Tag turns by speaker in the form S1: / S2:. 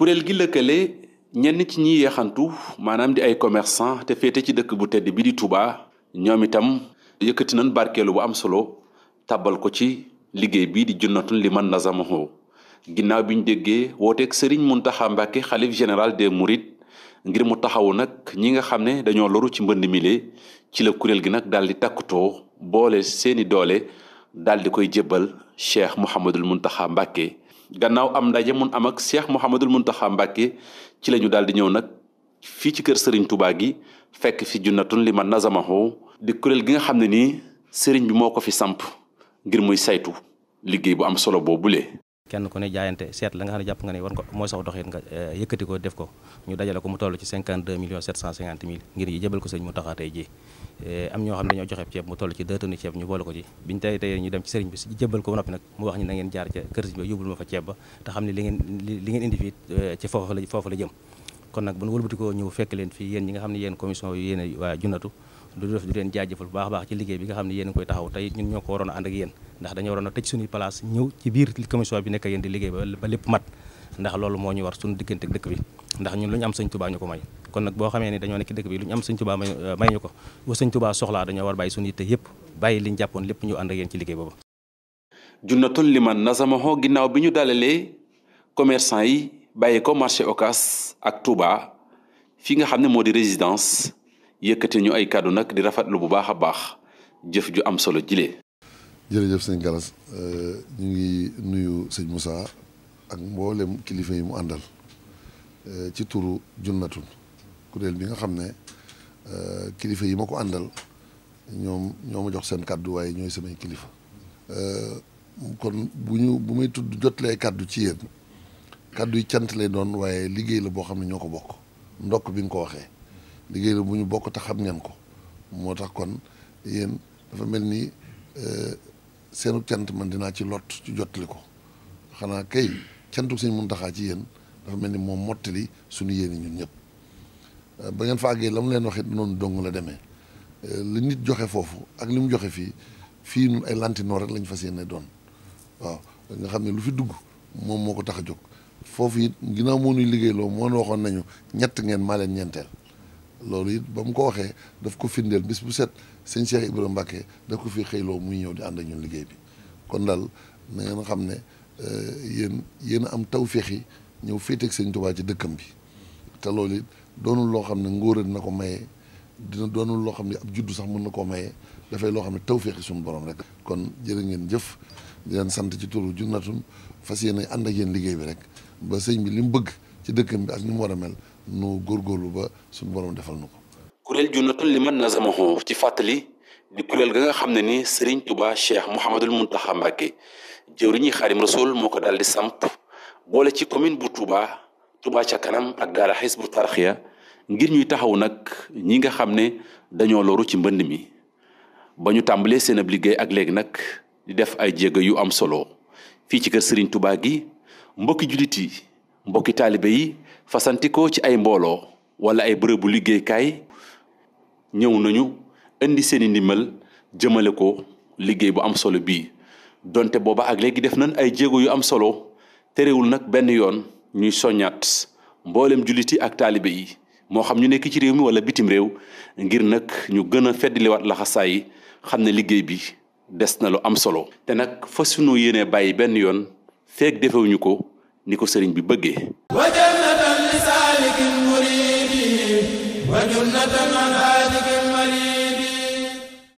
S1: kuréel gi lëkkale ñenn ci ñi yeexantu maanaam di ay commerçant te féete ci dëkk bu tedd bi di Touba ñoom itam yëkkati nañ barkeelu bu am solo tabal ko ci liggéey bii di junnatun li man nazamaho ginnaaw bi ñu déggee wooteeg Serigne Mountakha Mbacké xalif général de Mourides ngir mu taxawu nag ñi nga xam ne dañoo loru ci mbënd mile ci la kuréel gi nag daal di takkutoo boole seeni doole daal di koy jébbal cheikh Mouhamadul Mountakha Mbacké gannaaw am ndaje mun am ak cheikh Mouhamadul Mountakha Mbacké ci la ñu daal di ñëw nag fii ci kër Serigne Touba gi fekk fi junnatun liman nazamahu di kuréel gi nga xam ne nii Serigne bi moo ko fi samp ngir muy saytu liggéey bu am solo boobule.
S2: kenn ku ne jaayante seet la nga xam ne jàpp nga ne war nga mooy sax doxin nga eh, yëkkati ko def ko ñu dajale ko mu toll ci 52 millions 750 mille eh, ci ci biñ ko noppi nag mu wax ñi na ngeen jaar ca kër ba yóbbul ma fa ceeb ba te xam ne li ngeen indi fii eh, ci foofu la jëm kon nag bu ñu wëlbatikoo ñëw fekk leen fii yéen ñi nga xam ne yéen commission yu yéen junatu du def du leen jaajëfal baax baax ci liggéey bi nga xam ne yéen koy taxaw tey ndax dañoo waroon a tëj suñuy place ñëw ci biir commission bi nekk yéen di liggéey ba lépp mat ndax loolu moo ñu war suñu diggante dëkk bi ndax ñu lu am sëñ tubaa ñu ko may kon nag boo xamee ni dañoo nekk dëkk bi lu ñu am sëñ tubaa may euh, ñu ko bu sëñ tubaa soxlaa dañoo war bàyyi suñu yitte yëpp bàyyi liñ jàppoon lépp ñu ànd ak yéen ci liggéey boobu
S1: junnatul liman nasamaho ginnaaw bi ñu dalalee commerçant yi bàyyi ko marché Ocass ak Touba fi nga xam ne moo di résidence yëkkati ñu ay kàddu nag di rafetlu bu baax a baax jëf ju am solo jile
S3: jërëjëf sëñ Galas euh, ñu ngi nuyu sëñ Moussa ak mboolem kilifa yi mu àndal euh, ci turu Junnatul kuréel bi nga xam ne euh, kilifa yi ma ko àndal ñoom ñoo ma jox seen kàddu waaye ñooy samay kilifa. kon bu ñu bu may tudd jotlee kàddu ci yéen kàddu yi cant lay doon waaye liggéey la boo xam ne ñoo ko bokk ndokk bi nga ko waxee liggéey la bu ñu bokk te xam ngeen ko moo tax kon yéen dafa mel ni. seenu cant man dinaa ci lot ci jottali ko xanaa kay cantu mun Muntaxaa ci yéen dafa mel ni moom mottali suñu yéene ñun ñëpp euh, ba ngeen fa àggee la mu leen waxit noonu dong la demee euh, li nit joxe foofu ak li mu joxe fii fii ñun ay lantinoor rek lañu fa fas ne doon waaw nga xam ne lu fi dugg moom moo ko tax a jóg foofu it ginnaaw moo nuy liggéeyloo moo waxoon nañu ñett ngeen maa leen ñeenteel loolu it ba mu ko waxee daf ko findeel bis bu set sëñ Cheikh Ibrahima Mbacké daf ko fi xëyloo muy ñëw di ànd ak ñun liggéey bi kon dal na ngeen xam ne eh, yéen yéen a am tawféex yi ñëw féeteeg sëñ Tuubaa ci dëkkam bi te loolu it doonu loo xam ne ngóora dina ko maye dina doonu loo xam ne ab juddu sax mën na koo maye dafay loo xam ne tawféex yi suñu borom rek. kon jërë ngeen jëf di leen sant ci turu Junatun fas yéene ànd ak yéen liggéey bi rek ba sëñ bi li mu bëgg ci dëkkam bi ak ni war a mel. nu góorgóorlu ba su borom defal nu ko.
S1: kuréel junnatul liman nazamahu ci fàttali di kuréel ga nga xam ne ni Serigne Touba Cheikh Mouhamadul Mountakha Mbacké jëwriñi Xaadim Rasul moo ko daal di samp boole ci commune bu Touba Touba ca kanam ak daara Hizbut Tarqiyyah ngir ñuy taxaw nag ñi nga xam ne dañoo loru ci mbënd mi ba ñu tàmbalee seen ab liggéey ak léegi nag di def ay jéego yu am solo fii ci kër sëriñ tubaa gi mbokki jullit yi mbokki taalibe yi fasantikoo ci ay mbooloo wala ay bërëbu liggéeykaay ñëw nañu indi seeni ndimbal jëmale ko liggéey bu am solo bii donte booba ak léegi def nañ ay jéego yu am solo terewul nag benn yoon ñuy soññaat mboolem jullit yi ak taalibe yi moo xam ñu nekk ci réew mi wala bitim réew ngir nag ñu gën a feddliwaat laxasaay yi xam ne liggéey bi des na lu am solo. te nag fas yu ñu yéenee bàyyi benn yoon feeg defewuñu ko. ni ko sëriñ bi bëggee.